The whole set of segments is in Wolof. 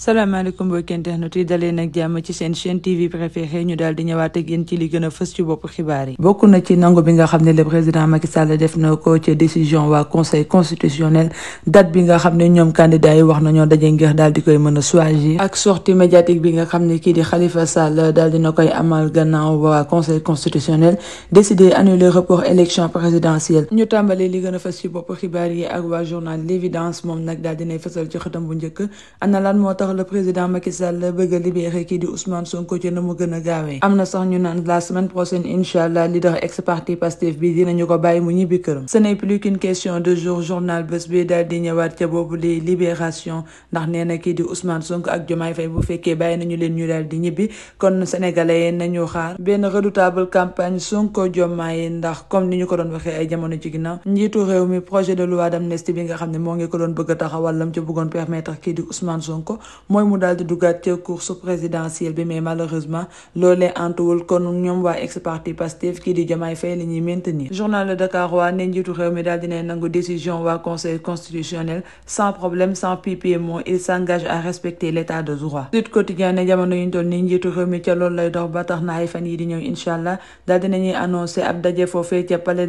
salaamaaleykum mbokki internet yi dalee nag jàmm ci seen chaîne tv préférée ñu daal di ñëwaat ak yéen ci li gën a fës ci bopp xibaar yi bokk na ci nangu bi nga xam ne le président Macky Sall def na ko ci décision waa conseil constitutionnel date bi nga xam ne ñoom candidat yi wax nañoo daje ngir daal di koy mën a choisir ak sortie médiatique bi nga xam ne kii di Khalifa Sall daal dina koy amal gannaaw waa conseil constitutionnel décidé annuler report élection présidentielle ñu tàmbalee li gën a fës ci bopp xibaar yi ak waa journal l' évidence moom nag daal dinay fësal ci xëtam bu njëkk tax le président Macky Sall bëgg a libéré kii di Ousmane Sonko ci na mu gën a gaawee am na sax ñu naan la semaine prochaine incha allah leader ex parti Pastef bi dinañu ko bàyyi mu ñibbi këram ce n'est plus qu'une question de jour journal bés ndax nee na kii di Ousmane Sonko ak Diomaye Faye bu fekkee bàyyi nañu leen ñu daal di ñibbi kon sénégalais yi nañu xaar benn redoutable campagne Sonko Diomaye ndax comme ni ñu ko doon waxee ay jamono ci ginnaaw njiitu réew mi projet de loi d'amnistie bi nga xam ne moo ngi ko doon bëgg taxawal lam ci bëggoon permettre kii di Ousmane Sonko mooy mu daal di duggaat ca course présidentielle bi mais malheureusement loolee antuwul kon ñoom waa ex parti Pastef kii di Diomaye Faye la maintenir journal Le Dakar waa ne njiitu réew mi daal dina décision waa conseil constitutionnel sans problème sans pipi mot il s'engage à respecter l'état de droit Sud Quotidien ne jamono yuñ toll njiitu réew mi ca loolu lay dox ba tax na ay fan yi di ñëw incha allah daal dinañuy ab daje foofee ca palais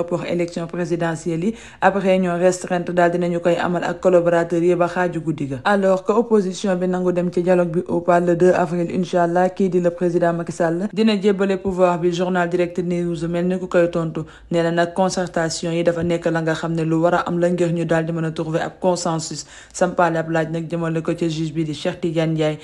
report élection présidentielle yi ab réunion restreinte daal dinañu koy amal ak collaborateurs yi ba xaaju guddi ga alors que opposition bi nangu dem ci dialogue bi au pas le 2 avril incha allah kii di le président Macky dina jébbale pouvoir bi journal direct news mel ni ku koy tontu nee nag concertation yi dafa nekk la nga xam ne lu war a am la ngir ñu daal di mën a ab consensus sampaale ab laaj nag jëmale ko ci juge bi di Cheikh Tidiane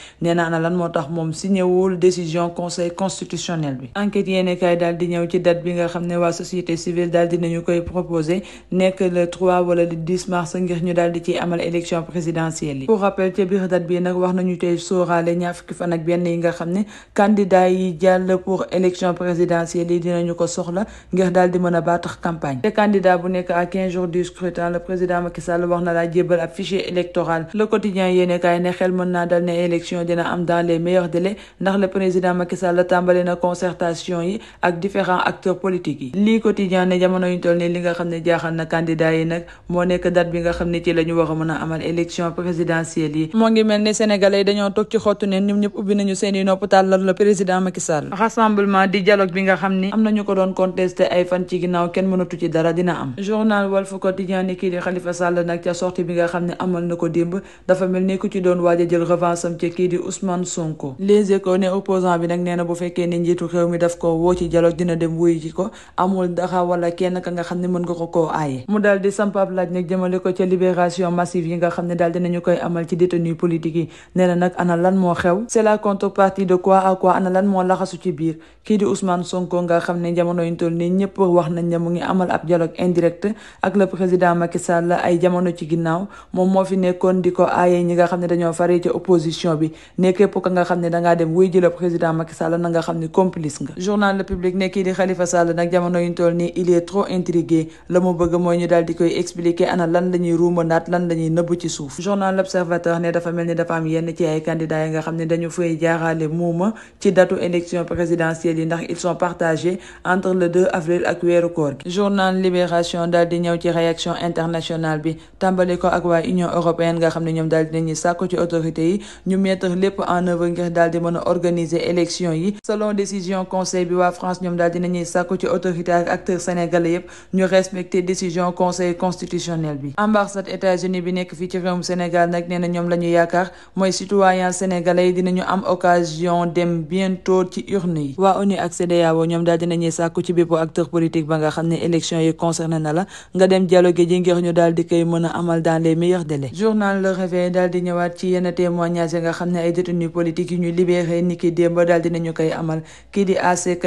daal dinañu koy proposé nekk le 3 wala le mars ngir ñu daal di ciy amal élection présidentielle yi pour rappel ca biir date bi nag wax nañu tey sóoraale ñaar fukki fan ak benn yi nga xam ne candidat yi jàll pour élection présidentielle yi dinañu ko soxla ngir daal mën a baatax campagne te candidat bu nekk à 15 jours du scrutin le président Macky Sall wax na laa jébbal ab fichier électoral le quotidien yéene kaay ne xel mën naa dal ne élection dina am dans les meilleurs délais ndax le président yi ak différents acteurs yi jamono ne na ñu i ko doon contesté ay fan ci ginnaaw kenn mënatu ci dara dina am journal Walf Quotidien ni kii di Khalifa Sall nag ca sortie bi nga xam ne amal na ko démb dafa mel ni ci doon waaj jël revanche ci kii di Ousmane Sonko Les Échos ne opposant bi nag nee bu fekkee ne njiitu réew mi daf ko woo ci dialogue dina dem wuyu ji ko amul dara wala kenn ka nga xam ne mën nga ko koo aaye mu daal di samp ab laaj nag jëmale yu toll nii ñëpp trop intrigué la mu bëgg mooy ñu daal di koy expliquer ana lan la ñuy ruumanaat lan la ñuy nëbb ci suuf journal l'observateur ne dafa mel ni dafa am yenn ci ay candidats yi nga xam ne dañu fay jaarale muuma ci datu élection présidentielle yi ndax ils sont partagés entre le avril ak weeru koor gi journal libération daal di ñëw ci réaction internationale bi tàmbali ko ak waa union européenne nga xam ne ñoom daal di nañuy sàkku ci autorités yi ñu mettre a sénégalais yépp ñu respecter décision conseil constitutionnel bi ambassade États-Unis bi nekk fii ci réewum Sénégal nag nee ñoom la yaakaar mooy citoyen sénégalais yi dinañu am occasion dem bientôt ci urne yi waa ONU ak CEDEAO ñoom daal dinañuy sàkku ci bépp acteur politique ba nga xam ne élection yi concerné na la nga dem dialogue ji ngir ñu daal di koy mën a amal dans les meilleurs délais journal Le Réveil daal di ñëwaat ci yenn témoignages nga xam ne ki démb daal dinañu koy amal kii di ACK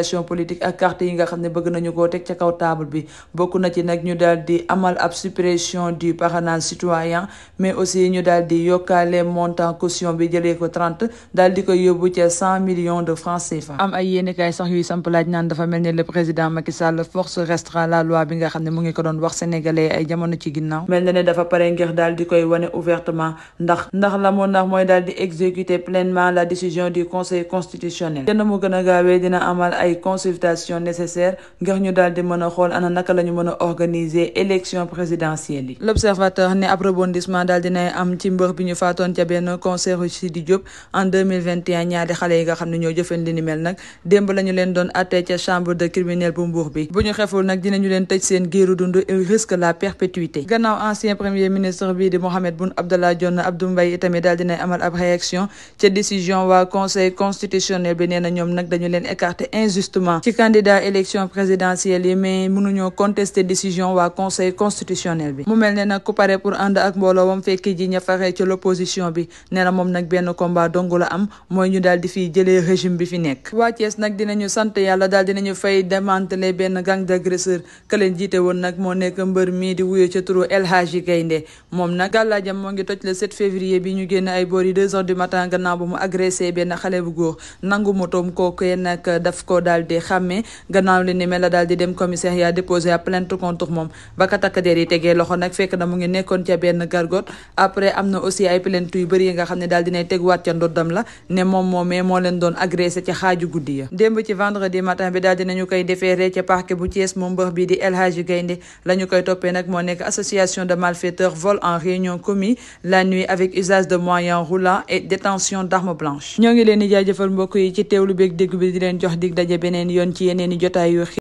affiliation politique ak carte yi nga xam ne bëgg na ci nag ñu daal di amal ab suppression du parrainage mais aussi ñu daal di yokkaale montant caution bi jëlee ko trente daal di ko yóbbu ca cent millions de francs CFA. am ay yéenekaay sax yuy samp laaj naan dafa mel ni le président Macky Sall force restera la loi bi nga xam ne mu ngi ko doon wax sénégalais ay jamono ci ginnaaw. mel na ne dafa pare ngir daal di koy wane ouvertement ndax ndax la moon ndax mooy daal di exécuter pleinement la décision du conseil constitutionnel. kenn mu gën a gaawee dina amal ay ay consultation nécessaire ngir ñu daal mën a xool ana naka la mën a organiser élection présidentielle l'observateur ne ab rebondissement daal dinay am ci mbër bi ñu faatoon ca benn concert Sidi Diop en 2021 xale yi nga xam ne ñoo jëfen li ni nag démb la leen doon atte ca chambre de criminel bu Mbour bi bu ñu xeful nag dinañu leen tëj seen géeru dund il risque la perpétuité gannaaw ancien premier ministre bii di Mohamed Boun Abdallah Dionne injustement ci candidat élection présidentielle yi mais mënuñoo contester décision waa conseil constitutionnel bi mu mel ne nag ku pare pour ànd ak mbooloo wam ji ña faxee l'opposition bi ne na moom nag benn combat dong la am mooy ñu daal di fiy régime bi fi nekk waa Thiès nag dinañu sant yàlla daal dinañu fay démanteler benn gang d'agresseur que jiite woon nag moo nekk mbër mii di wuye ca turu El Hadji yi deux heures du nag daf daal di xàmmee gannaaw li ni mel di dem commissariat déposé à plainte contre moom ba ka takk der yi tegee loxo nag fekk na mu ngi nekkoon ca benn gargote après am na aussi ay plainte yu bëri nga xam ne daal dinay tegwaat ca ndoddam la ne moom moomee moo leen doon agressé ca xaaju guddi ya démb ci vendredi matin bi daal dinañu koy déféré ca parquet bu Thiès moom mbër bii di El Hadji Gaynde la koy toppee nag moo nekk association de malfaiteurs beneen yoon ci yeneen i jotaay yu